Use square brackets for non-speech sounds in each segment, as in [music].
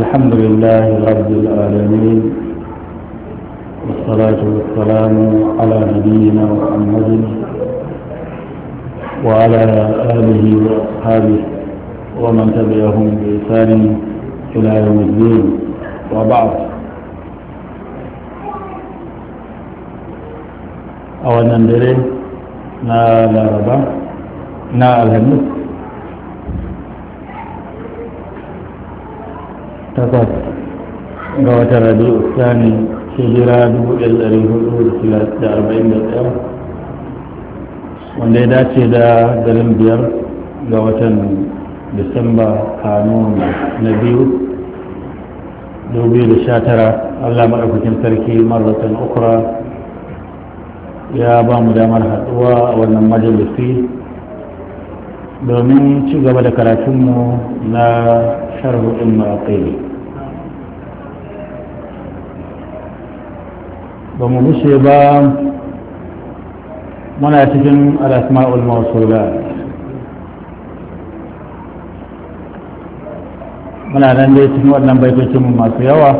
الحمد لله رب العالمين والصلاة والسلام على نبينا محمد وعلى آله وأصحابه ومن تبعهم بإحسان إلى يوم الدين وبعض أولا دري نا لا ربا نا الهمس takwas ga watan da arba'in da 1441 wanda ya dace da garin biyar ga watan disamba kanun na biyu 2019 allah maɗaukakin sarki marratan ukra ya ba mu damar haɗuwa a wannan majalisi domin ci gaba da karatunmu na أكثره امرأتين بمبشي با مناتج الأسماء الموصولات muna nan dai cikin waɗannan baitocinmu masu yawa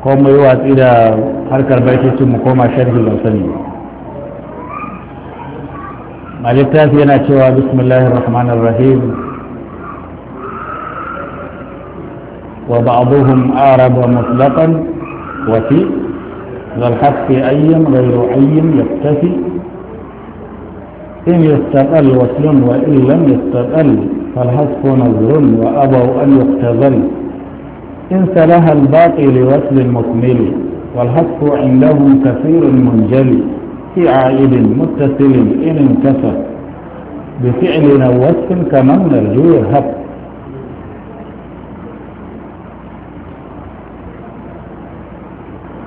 ko mu yi watsi da harkar baitocinmu koma sharhi ban sani malik tafi yana cewa bismillahir rahmanir rahim وبعضهم أعرب مطلقا وفي والحق أي غير أي يكتفي إن يستقل وصل وإن لم يستقل فالحق نظر وأبوا أن يقتضل إن سلها الباقي لوصل مكمل والحق عندهم كثير منجلي في عائد متصل إن انكسر بفعل أو وصف كمن نرجو الهب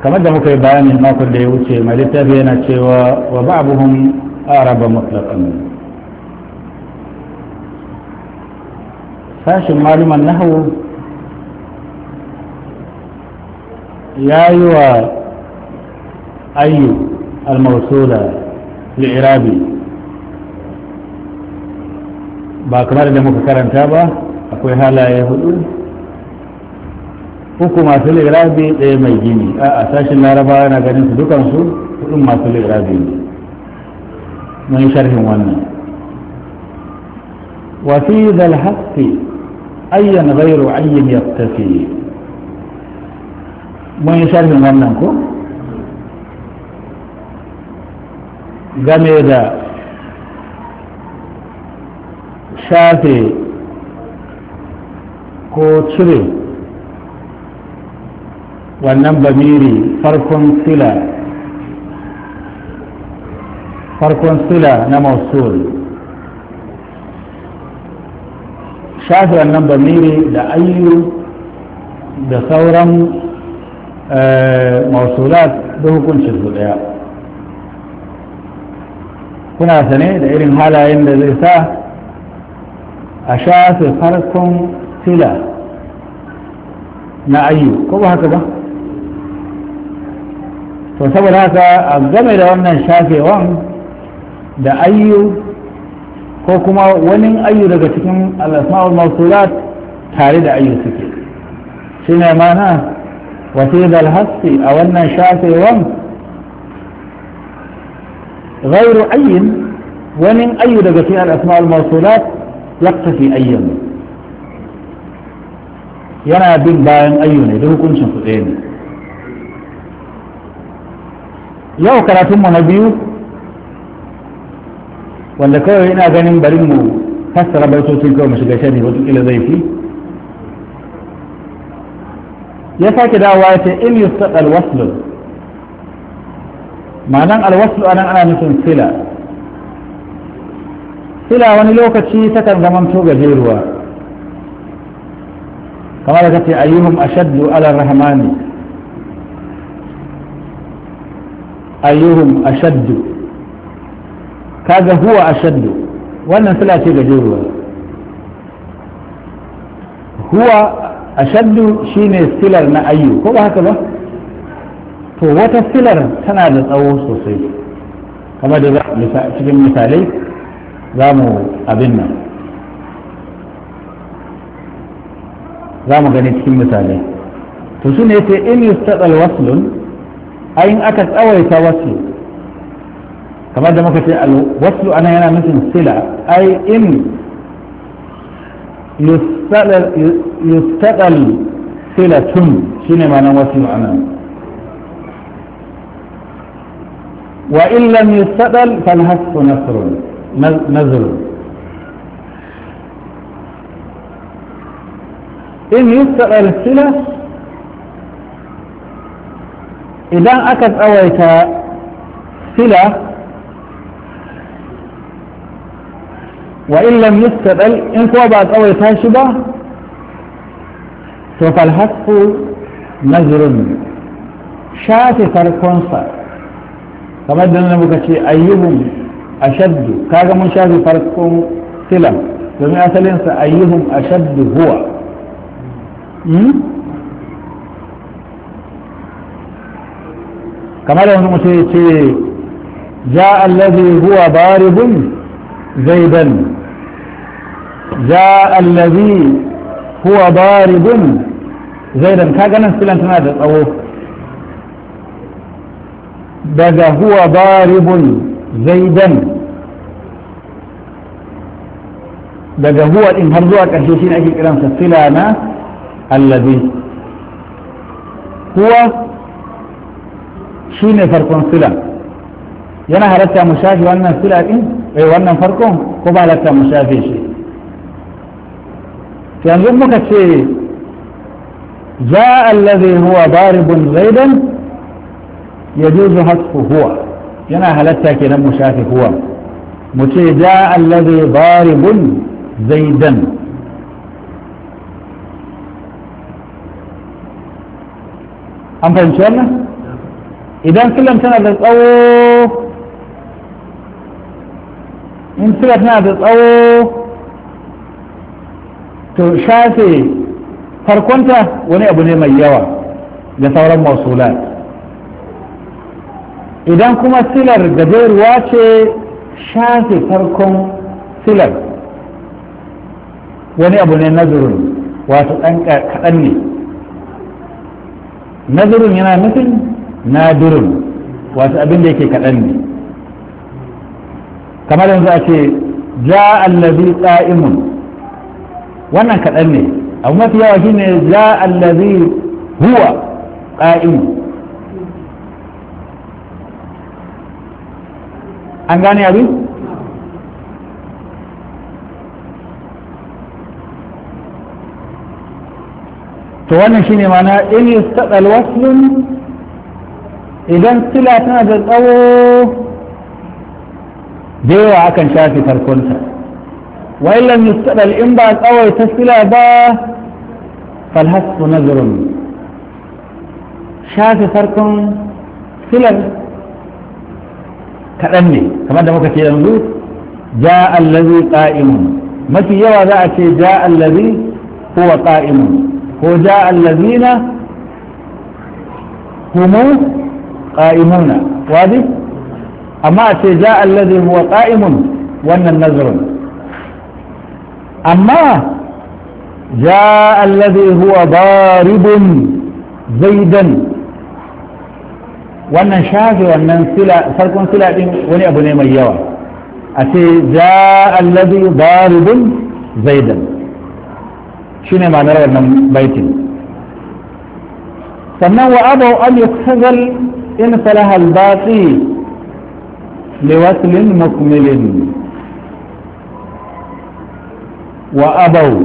kamar da muka yi bayani makon da ya wuce mai littafi yana cewa wa ba'abuhum araba mutlaqan sashin maluman nahawu ya yi wa ayyu al-mawsula li'irabi ba kamar da muka karanta ba akwai halaye hudu uku masu lirabi ɗaya mai gini a sashen laraba yana ganin su dukansu hudun masu lirabi ne mun sharhin wannan wafi zalhassi ayyan gairu ayyan ya tafi mun sharhin wannan ko game da shafe ko cire wannan bamiri farkon sila farkon sila na mausul shafi wannan bamiri da ayyu da sauran mausulat da hukuncin su daya kuna sane da irin halayen da zai sa a shafi farkon sila na ayyu ko ba haka ba to saboda haka a game da wannan shafe shafewan da ayyu ko kuma wani ayyu daga cikin al'asma'ul mausulat tare da ayyu suke shi ne mana wasidar haske a wannan shafe shafewan غير أين ومن أي فيها الأسماء الموصولات يقتفي أيا ينا بين باين أيون ده كنشن فقين yau karatunmu na biyu wanda kawai ina ganin bari mu fassara baitocin kawai mu shiga shari watakila zai fi ya sake dawowa ya ce in yi yustad alwaslu ma'anan alwaslu anan ana nufin sila sila wani lokaci takan zamanto gajeruwa kamar da kace ayyuhum ashaddu ala rahmani ayyuhum ashaddu kaga huwa ashaddu wannan sila ce gajeruwa huwa ashaddu shine silar na ayyu ko ba haka ba to wata silar tana da tsawo sosai kamar da cikin misalai za mu abin nan za mu gani cikin misalai to shine ne ce in yustaɗal waslun ayin aka tsawaita wasu kamar da muka ce wasu ana yana nufin sila ai in yustaɗal silatun shi ne manan wasu ana wa illam yustaɗal falhassu nasrun nazrun إن يستقر السلة idan aka tsawaita sila wa illam yustadal in kuma ba tsawaita shi ba to falhasku nazirin shafe farkonsa kamar da nan muka ce ayyuhum ashaddu kaga mun shafe farkon silan domin asalinsa ayyuhum ashaddu huwa kamar yanzu mutum ya ce ja allazi huwa baribun zaidan ja allazi huwa baribun zaidan ka ganin filan tana da tsawo daga huwa baribun zaidan daga huwa din har zuwa ƙarshe shi ne ake kiransa filana na allazi huwa shi ne farkon sila yana halatta mu shafi wannan sila ɗin eh wannan farkon ko ba halatta mu shafe shi yanzu muka ce za allazi huwa daribun zaidan yajuzu hasfu huwa yana halatta kenan mu shafi huwa mu ce ja allazi daribun zaidan an fahimci wannan idan sulam tana da tsawo in sulam tana da tsawo to shafe farkonta wani abu ne mai yawa da sauran masulat idan kuma silar gajeruwa ce shafe farkon silar wani abu ne nazarin wato ɗan kaɗan ne nazarin yana nufin nadirin wasu abin da yake kaɗan ne kamar yanzu a ce ja allazi tsa'imun wannan kaɗan ne abu mafi yawa shine ja allazi huwa tsa'imun an gane abin to wannan shine mana in yustaqal waslun idan sila tana da tsawo da yawa akan shafi farkonta wa illan yustaqbal in ba tsawai ta sila ba fal hasbu nazrun shafi farkon silar kaɗan ne kamar da muka ce yanzu ja allazi qa'imun mafi yawa za a ce ja allazi huwa qa'imun ko ja allazina humu qa'imuna wadi amma a ce ja allazi huwa qa'imun wannan nazarin amma ja allazi huwa daribun zaidan wannan shafi wannan sila farkon sila din wani abu ne mai yawa a ce ja allazi daribun zaidan ne ma'anar wannan baitin sannan wa abau an yuktazal انفلها الباقي لوصل مكمل وأبوا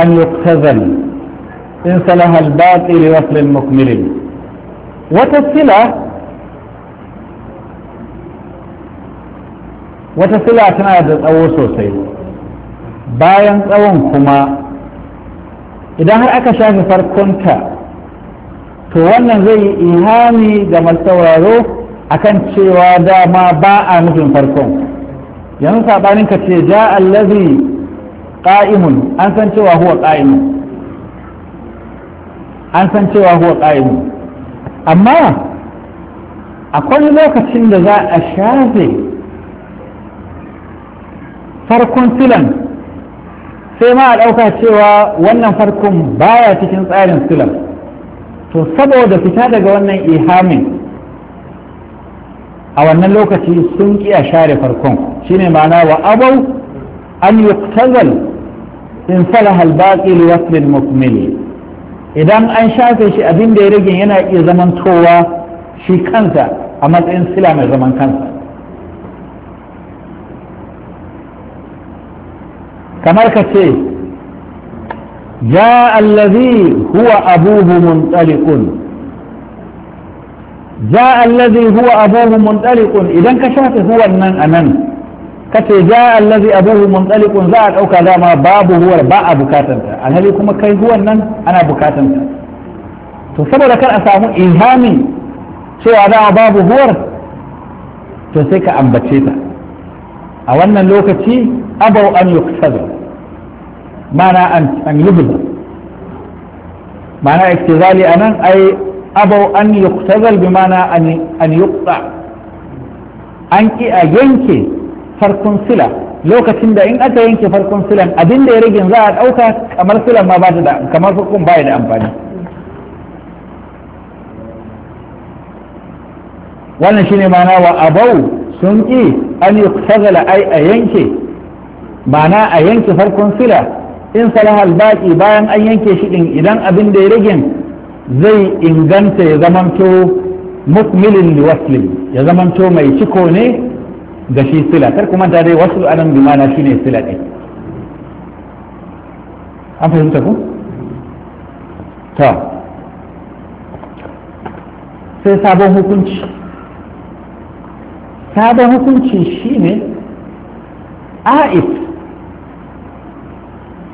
أن يقتذل إن سلها الباقي لوصل مكمل وتسلة وتسلة أثناء تتأوّر سوسي باين تأوّن كما إذا هرأك شاهد فرق كنت to wannan zai yi ihami da masauraro akan cewa dama ba a nufin farkon yanzu saɓanin ka ce ja allazi ƙa'imun an san cewa huwa ƙa'imun an san cewa huwa ƙa'imun amma akwai lokacin da za a shafe farkon silan sai ma a ɗauka cewa wannan farkon baya cikin tsarin silan to saboda fita daga wannan ihamin a wannan lokaci sun ƙi share farkon shine ma'ana wa abau an yuktazal in salaha al-baqi li idan an shafe shi abin da ya rage yana iya zamantowa shi kansa a matsayin sila mai zaman kansa kamar ka ce جاء الذي هو أبوه منطلق جاء الذي هو أبوه منطلق إذا كشفت هو النن أنن kace ja allazi abuhu muntalikun za a dauka dama babu huwar ba a bukatanta alhali kuma kai huwan nan ana bukatanta to saboda kar a samu ilhamin cewa dama babu huwar to sai ka ambace ta a wannan lokaci abau an mana an an yubza mana iktizali anan ai abau an yuktazal bi mana an an yuqta an ki a yanke farkon sila lokacin da in aka yanke farkon silan abin da ya rage za a dauka kamar silan ma ba da kamar farkon baya da amfani wannan shine mana wa abau sun ki an yuktazala ai a yanke mana a yanke farkon sila in salaha albaki bayan an yanke shi din idan abin da ya rage zai inganta ya zamanto mukmilin waslin ya zamanto mai ciko ne da shi sila kar kuma da dai wasu anan bi mana shine sila din an fahimta ku ta sai sabon hukunci sabon hukunci shine a'if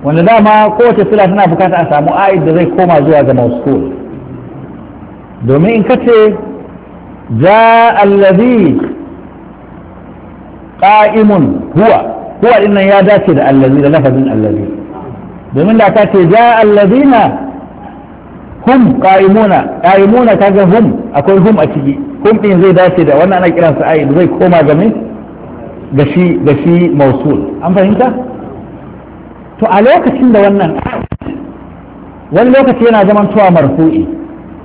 wanda dama kowace sila tana bukata a samu a'id da zai koma zuwa ga mausul domin in ka ce ja allazi qa'imun huwa huwa din nan ya dace da allazi da lafazin allazi domin da ka ce ja allazina hum qa'imuna qa'imuna kaga hum akwai hum a ciki hum din zai dace da wannan ana kiransa a'id zai koma ga me ga shi ga shi mausul an fahimta to a lokacin da wannan wani lokaci yana zaman tuwa marfu'i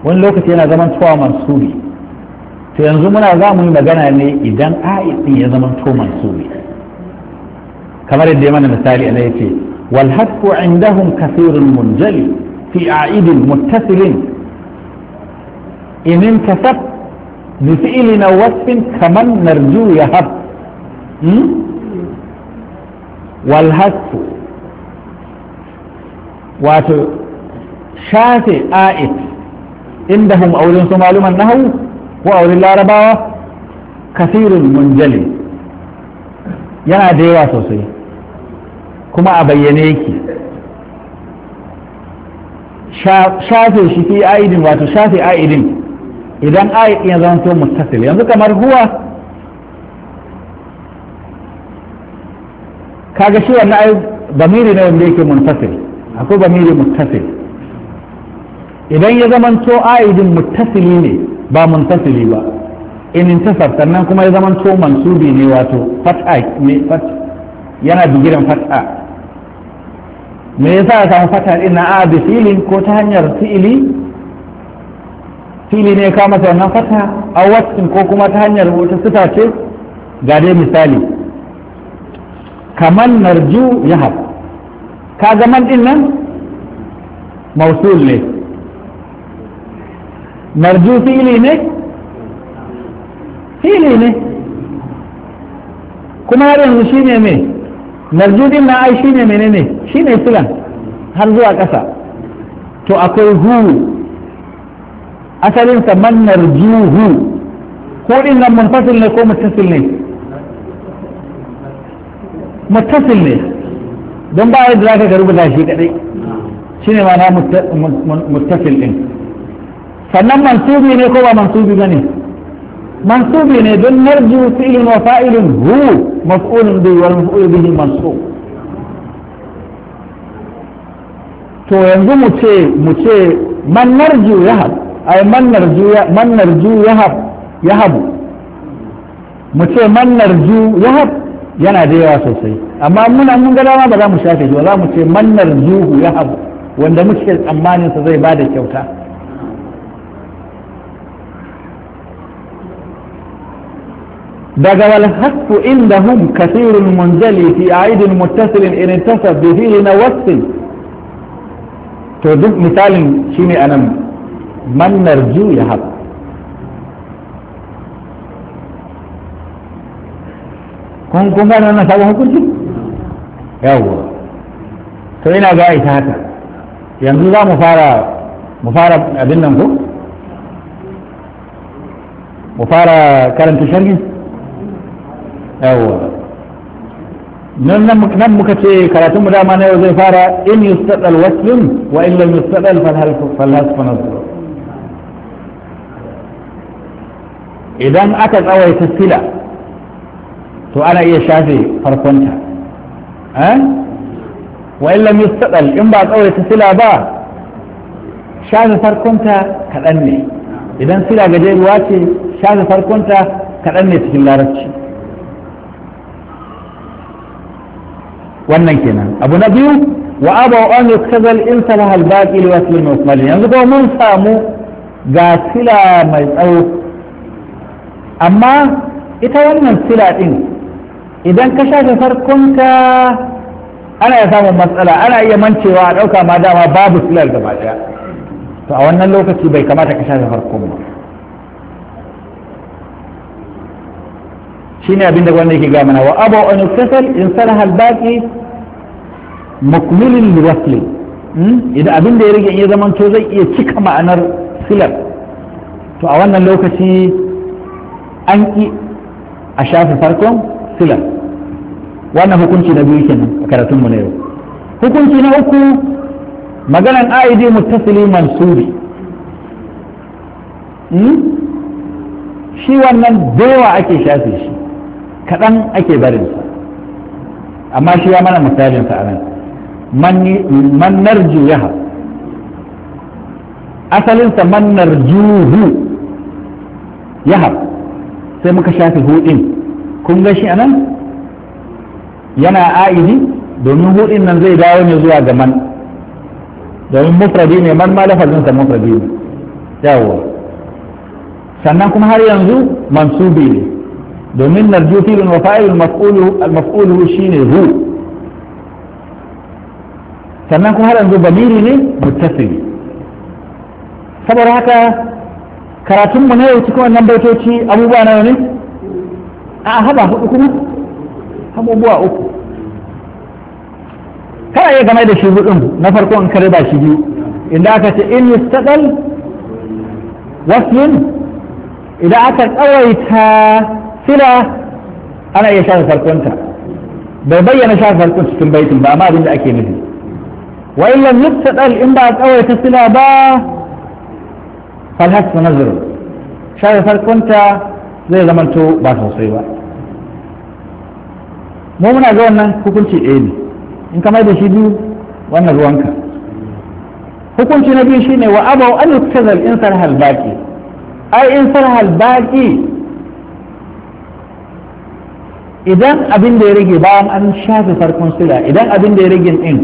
wani lokaci yana zaman tuwa mansubi to yanzu muna za mu yi magana ne idan a'id ya zaman tuwa mansubi kamar yadda ya mana misali ana yake wal hasku indahum kathirun munjali fi a'id muttasilin in intasab bi fi'lin aw wasfin kaman narju yahab wal hasku wato shafe a'id inda hum aurin su maluman nahawu ko aurin larabawa kasirin munjali yana da yawa sosai kuma a bayyane yake shafe shi fi a'idin wato shafe a'idin idan a'id ya to mustasil yanzu kamar huwa kaga shi wannan ai bamiri ne wanda yake munfasil akwai bamiri muttasil idan ya zamanto aidin muttasili ne ba muntasili ba in intasar sannan kuma ya zamanto mansubi ne wato fat'a ne fat yana bigiran fat'a me yasa ya samu fat'a din na a bi filin ko ta hanyar fi'ili fi'ili ne ka masa wannan fata a wasin ko kuma ta hanyar wata sita ce ga dai misali kamar narju yahab kaga man din nan mausul ne marju fili ne fili ne kuma har yanzu shine me marju din na ai shine menene shine filan har zuwa ƙasa to akwai hu asalinsa man hu ko din nan munfasil ne ko mutasil ne mutasil ne don ba yadda za ka rubuta shi kadai shi ne mana mustafil din sannan mansubi ne ko ba mansubi ba ne mansubi ne don narju fi'ilin wa fa'ilin hu mas'ulun bi wal maf'ul bihi mansub to yanzu mu ce mu ce man narji yahab ay man narju man narji yahab yahabu mu ce man narju yahab yana da yawa sosai amma muna mun ga dama ba za mu shafe shi ba za mu ce mannar zuhu ya habu wanda muke tsammanin sa zai ba da kyauta daga wal haqqu indahum kathirun munzali fi aidin muttasilin in intasab bi fihi nawassil to duk misalin shine anan mannar zuhu ya habu kun kun gane wannan sabon hukunci yawwa to ina ga ita haka yanzu za mu fara mu fara abin nan ko mu fara karanta sharhi yawwa nan nan muka ce karatun mu dama na yau zai fara in yustadal waslun wa in lam yustadal falhal falhas fanazur idan aka tsawaita sila to ana iya shafe farkonta wa illam yustaqal in ba tsawaita sila ba shafe farkonta kaɗan ne idan sila gajeruwa ce shafe farkonta kaɗan ne cikin larabci wannan kenan abu na biyu wa aba an yuktazal in salaha al-baqi li wasl al-mukmal yanzu ba mun samu ga sila mai tsawo amma ita wannan sila din idan ka shafe farkonka ana ya samun matsala ana iya mancewa a ɗauka ma dama babu silar gaba ɗaya to a wannan lokaci bai kamata ka shafe farkon ba shine abin da wanda yake ga mana wa abu an yuktasal in salaha al-baqi mukmilin liwasli hmm? idan abin da ya rage ya to zai iya cika ma'anar silar to a wannan lokaci an ki a shafe farkon silan wannan hukunci na biyu kenan a karatunmu na yau hukunci na uku maganan aidi muttasili mansuri hmm? shi wannan bewa ake shafe shi kaɗan ake barinsa amma shi ya mana misalinsa a nan man narju yaha asalinsa man narjuhu yaha sai muka shafe hudin kun ga shi anan yana aidi domin hudin nan zai dawo ne zuwa ga man domin mufradi ne man ma lafazin sa mufradi ne yawo sannan kuma har yanzu mansubi ne domin narju filin wa fa'ilun maf'ulu al-maf'ulu shine hu sannan kuma har yanzu bamiri ne muttasili saboda haka karatunmu na yau cikin wannan baitoci abubuwa na ne a haba hudu kuma abubuwa uku kana iya game da shi hudun na farko in kare ba shi biyu inda aka ce in yustaqal waslin idan aka tsawaita sila ana iya shafa farkonta bai bayyana shafa farkon cikin baitin ba amma abin da ake nufi wa in lam in ba tsawaita sila ba falhas nazar shafa farkonta zai zamanto ba sosai ba mu muna ga wannan hukunci ɗaya ne in ka mai da shi biyu wannan ruwanka hukunci na biyu shine wa abau an yuktazal in sarha al ai in sarha baki idan abin da ya rage bayan an shafe farkon sila idan abin da ya rage din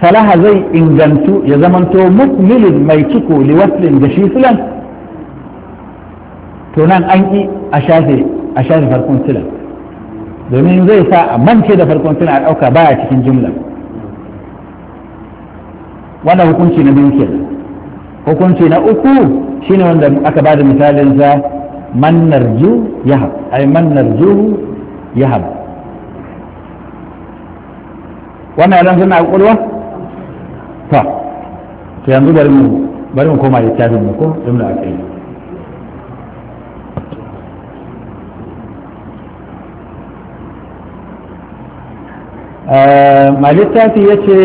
salaha zai ingantu ya zamanto mukmilin mai ciko liwaslin da shi silan to nan an yi a shafe a shafe farkon sila domin zai sa a mance da farkon sila a ɗauka baya cikin jumla wannan hukunci na biyu kenan hukunci na uku shine wanda aka bada misalin sa man narju yahab ay man narju yahab wannan yaran suna kulwa to yanzu bari mu bari mu koma littafin mu ko a kai Eh, mai littafi ya ce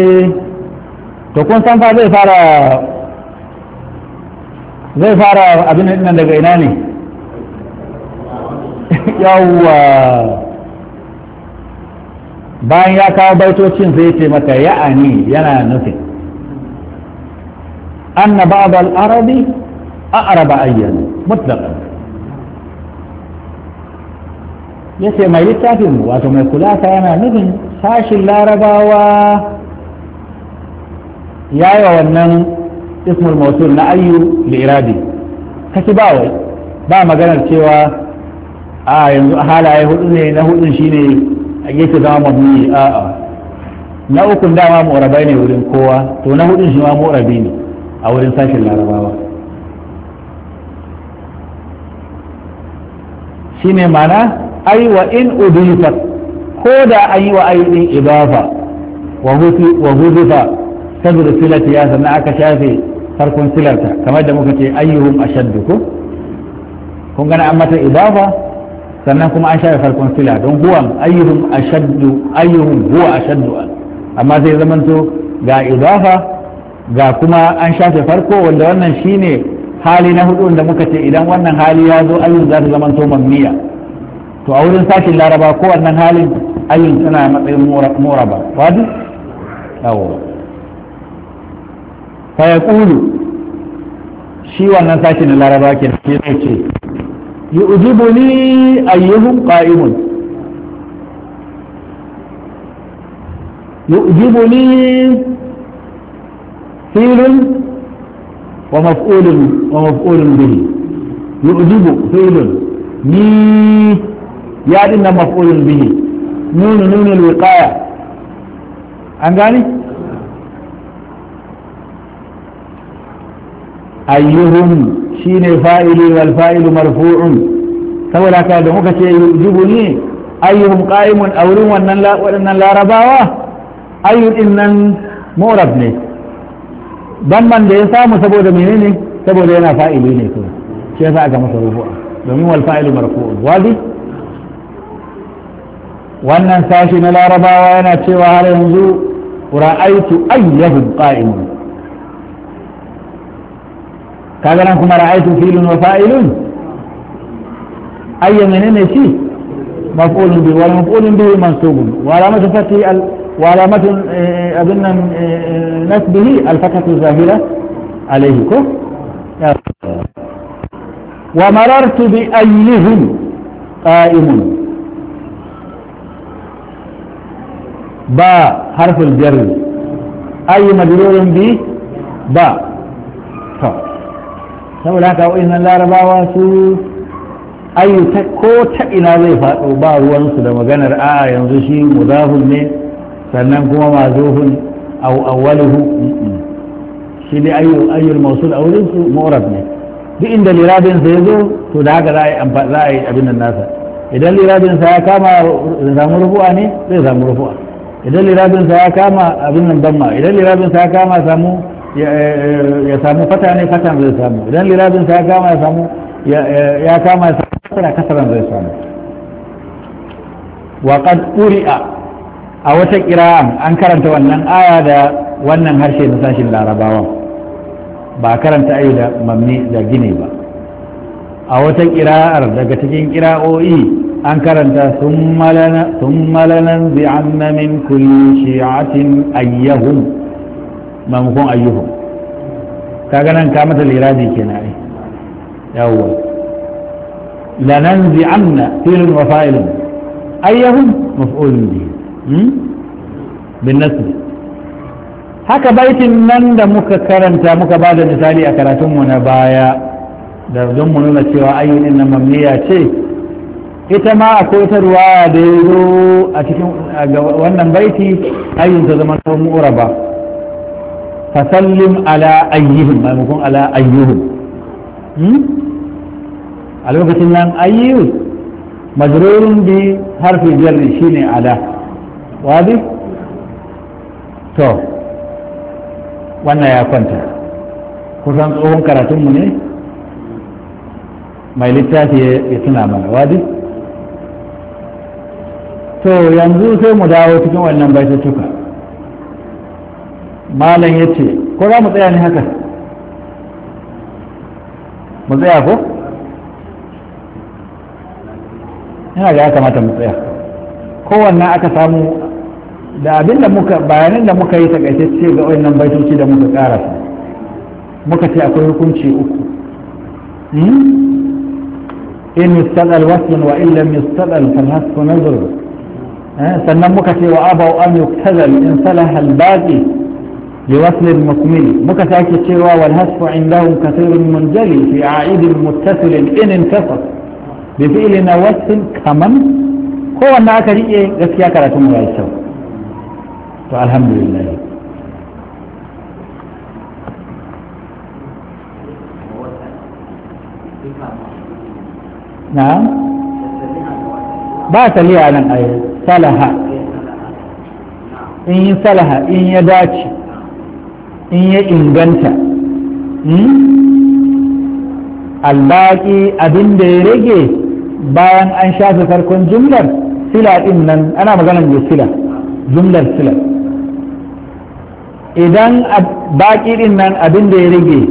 to kun san fa zai fara zai fara abin nan daga ina ne [laughs] yawwa bayan ya kawo baitocin zai ce maka ya'ani yana nufin anna ba'd al-arabi a'raba ayyan mutlaqan ya ce mai littafin wato mai kula yana nufin sashin larabawa ya yi wa wannan ismul mausul na ayyu da iradi ba wai ba maganar cewa a yanzu halaye hudu ne na hudun shine gefe zama mabni a a na ukun dama rabai ne wurin kowa to na hudun shi ma rabi ne a wurin sashin larabawa shine mana ai wa in udifat ko da an yi wa ainihin idafa wa hudifa saboda silati ya sannan aka shafe farkon silarta kamar da ko kun an sannan kuma an shafe farkon sila don huwan ayyuhum ashaddu ayyuhum huwa ashaddu amma sai zamanto ga idafa ga kuma an shafe farko wanda wannan shine hali na hudu da muka ce idan wannan hali ya zo ayyuhum za ta zamanto mammiya to a wurin sakin laraba ko wannan halin ayin suna matsayin moraba wadu yawo fa ya kulu shi wannan sakin na laraba ke ke ce yi ujibu ni ayyuhun qa'imun yu'jibu ni filin wa maf'ulun wa maf'ulun bihi yu'jibu ni ya dinna maf'ulun bihi nunu nunul wiqaya an gani ayyuhum shine fa'ili wal fa'ilu marfu'un saboda haka da muka ce yujibu ne ayyuhum qa'imun a wurin wannan waɗannan larabawa ayyu din nan murab ne man da ya samu saboda menene saboda yana fa'ili ne kuma shi yasa aka masa rufu'a domin wal fa'ilu marfu'un wadi wannan sashi na larabawa yana cewa har yanzu ra'aitu ayyahum qa'imun kaga nan kuma ra'aitu filun wa fa'ilun ayya menene shi maf'ulun bi wal maf'ulun bihi mansubun wa alamatu fathi al wa alamatu abinna nasbihi al fathatu zahira alayhi ko wa marartu bi ayyihim qa'imun ba harfin jarri ayi majrurin bi ba to saboda haka wa'annan larabawa su ayi ko ta ina zai faɗo ba ruwansu da maganar a yanzu shi mudafun ne sannan kuma mazuhun au awwaluhu shi dai ayyu ayyul mawsul su mu'rab duk inda liradin sa yazo to da haka za a yi za abin nasa idan liradin ya kama zai ne zai a. idan lirabinsa ya kama abin nan damma idan lirabinsa ya kama samu ya samu fata ne fatan zai samu idan lirabinsa ya kama ya samu ya kama ya samu kasara kasaran zai samu wa qad quri'a a wata kira'an an karanta wannan aya da wannan harshe na sashin larabawa ba karanta ayi da mamni da gine ba a wata kira'ar daga cikin kira'o'i an karanta sun malanan bi anna min kulli shi'atin ayyahum mamakon ayyuhun. Ka ganin ka mata lirabi kenan ai yawwa lanan bi filin wa fa'ilun ayyahum maf'ulun bi hmm? bin nasb haka baitin nan da muka karanta muka ba da misali a karatunmu na baya da don mu nuna cewa ayyun nan mamniya ce ita ma a kotarwa da ya zo a cikin wannan baiti ayyun ta zama tsohon mura ba fasallim ala ayyuhun maimakon ala ayyuhun hmm? a lokacin nan ayyuhun majalorin bi harfi shi shine ala wadi to wannan ya kwanta kusan tsohon karatunmu ne mai littafi ya tuna mana wadi to yanzu sai mu dawo cikin wannan baitutuka malam ya ce ko za mu tsaya ne haka mu tsaya ko yana da ya kamata mu tsaya kowanne aka samu da abin da muka bayanin da muka yi takaitacce ga wannan baitoci da muka ƙara muka ce akwai hukunci uku hmm? in istadal waslun wa lam yustadal fal hasbu nazar سنن مكتي وابوا ان يكتذل ان فلح الباقي لوصل المكمل مكتي اكي تيروا والهسف عندهم كثير منجلي في عائد متصل ان انكسر بفئل نوث كمن هو ما كريئ غسيا كراتو مرايسو فالحمد لله نعم لي عن الآيات salaha in yi salaha in ya dace in ya inganta hmm? albaƙi abin da ya rage bayan an shafe farkon jumlar sila din nan ana maganar da sila jumlar sila idan baƙi din nan abin da ya rage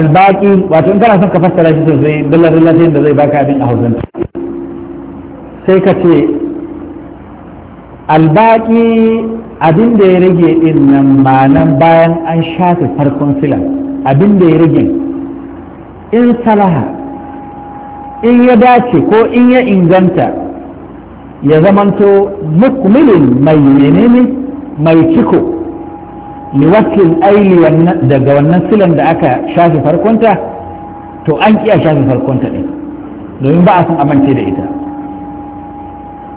albaƙi wato in kana son ka fassara shi sosai dallar da zai baka abin a hausanta sai ka ce albaki abin da ya rage din nan nan bayan an shafe farkon filan abin da ya rage in salaha in ya dace ko in ya inganta ya zamanto mukmilin mai menene mai ciko liwakil aili daga wannan filan da aka shafe farkonta to an kiya shafe farkonta ɗin domin ba a san amince da ita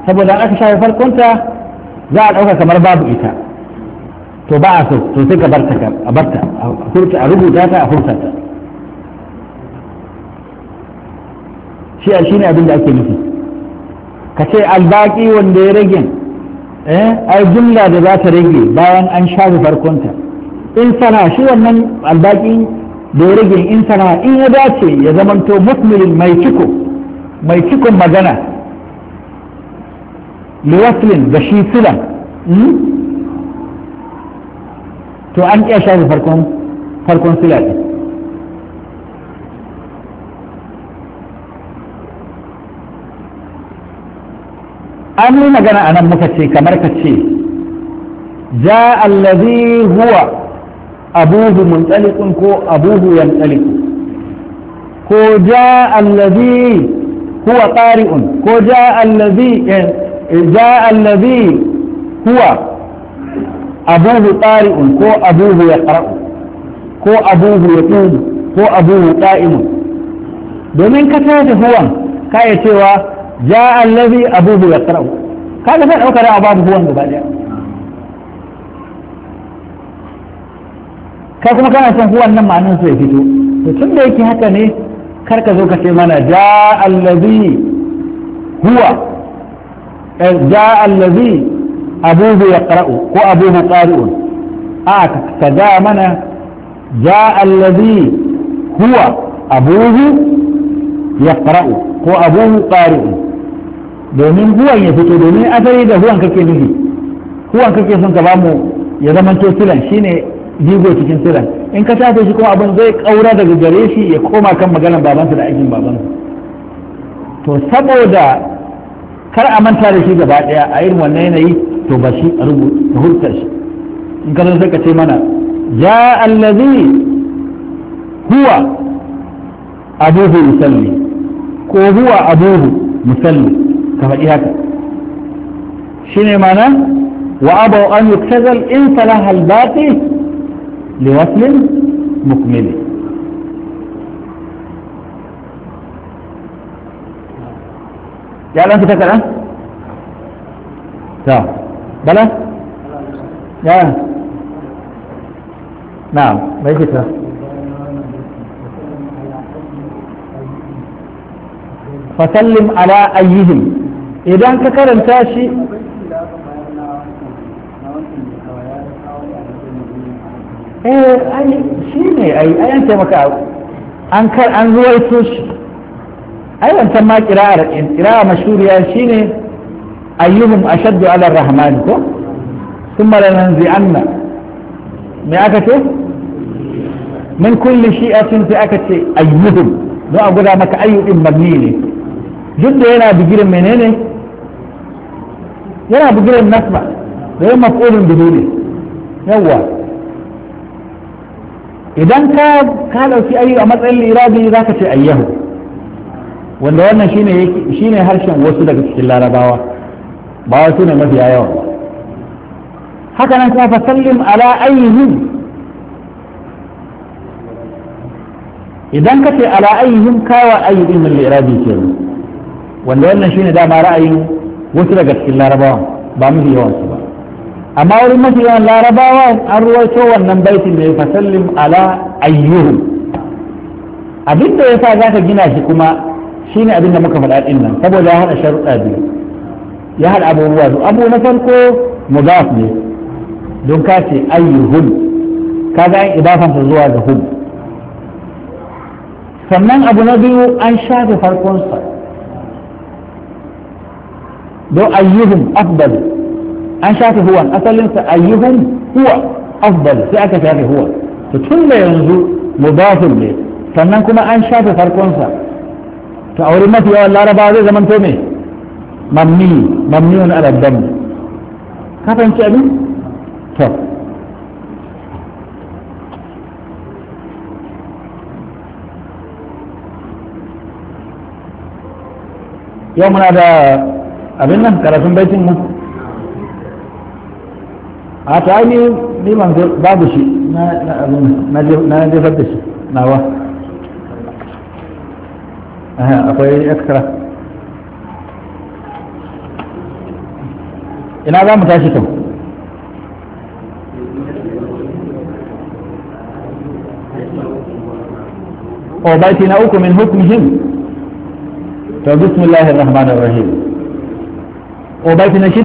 saboda aka shafe farkonta za a ɗauka kamar babu ita to ba a so to sai ka barta ka a barta a furta a rubuta ta a furta ta shi a ne abin da ake nufi ka ce albaki wanda ya rage eh, ai jumla da za ta rage bayan an shafe farkonta in sana shi wannan albaki da ya rage in sana in ya dace ya zamanto musmirin mai ciko mai cikon magana liwaslin da shi silan to an iya shafi farkon farkon sila an yi magana a nan muka kamar ka ce ja allazi huwa abuhu muntalikun ko abuhu yantaliku ko ja huwa ko جاء الذي هو أبوه طارئ كو أبوه يقرأ كو أبوه يتوب كو أبوه قائم domin ka tashi huwan ka cewa ja allazi abubu ya karau kaga sai ɗaukar a babu huwan gaba ɗaya ka kuma kana san huwan nan ma'anin su ya fito to tun haka ne kar ka zo ka ce mana ja huwa ya ko جاء الذي أبوه يقرأ وأبوه قارئ آتك تدامنا huwa الذي ya أبوه ko وأبوه قارئ domin huwan ya fito domin asali da huwan kake nufi huwan kake son ka mu ya zamanto silan shine jigo cikin silan in ka tafe shi kuma abin zai kaura daga gare shi ya koma kan maganar babansa da aikin babansa to saboda kar a manta da shi gaba daya a irin wannan yanayi to ba shi a rubuta hulta shi in ka sai ka ce mana ja allazi huwa abuhu musalli ko huwa abuhu musalli ka faɗi haka Shi ne mana wa abau an yuktazal in salaha al-baqi liwaslin mukmili ya ɗan fita kaɗan? ta bala? ya na mai fita fasallim ala ayyihim idan ka karanta shi eh ai shi ne ai an taimaka an kar an ruwaito shi ai wancan ma kira'ar kira'a mashuriya shine ayyuhum ashaddu ala rahmani ko thumma lananzi'anna me aka ce min kulli shi'atin sai aka ce ayyuhum don a guda maka ayyukin mabni ne duk da yana bigirin menene yana bigirin nasba da yana mafulin bihi ne yawwa idan ka ka dauki ayyu a matsayin lirabi zaka ce ayyahu wanda wannan shi ne harshen wasu daga cikin larabawa ba wasu ne mafiya yawa haka nan kuma fasallim ala ayyuhu idan ka ce ala ayyuhu kawa ayyuhu min li'rabi ke wanda wannan shi ne dama ra'ayin wasu daga cikin larabawa ba mafi yawan su ba amma wurin mafi yawan larabawa an ruwaito wannan baitin mai fasallim ala ayyuhum abinda ya sa za ka gina shi kuma shi ne abin da muka faɗa ɗin nan saboda ya haɗa sharuɗa biyu ya haɗa abubuwa su abu na farko mudaf ne don ka ce ayyuhun ka ga idafansa zuwa ga hum sannan abu na biyu an shafe farkonsa don ayyuhun afdal an shafe huwa asalinsa ayyuhun huwa afdal sai aka shafe huwa to tun da yanzu mudafin ne sannan kuma an shafe farkonsa to a wurin mafi yawan Laraba zai zaman to me mamni mamniyun ala dam ka fahimci abin to yau muna da abin nan karatun baitin mu a ta ni ni ban babu shi na na na jefar da shi nawa akwai extra ina za mu tashi kan o oh, na uku min to bismillahir rahmanir rahim oh,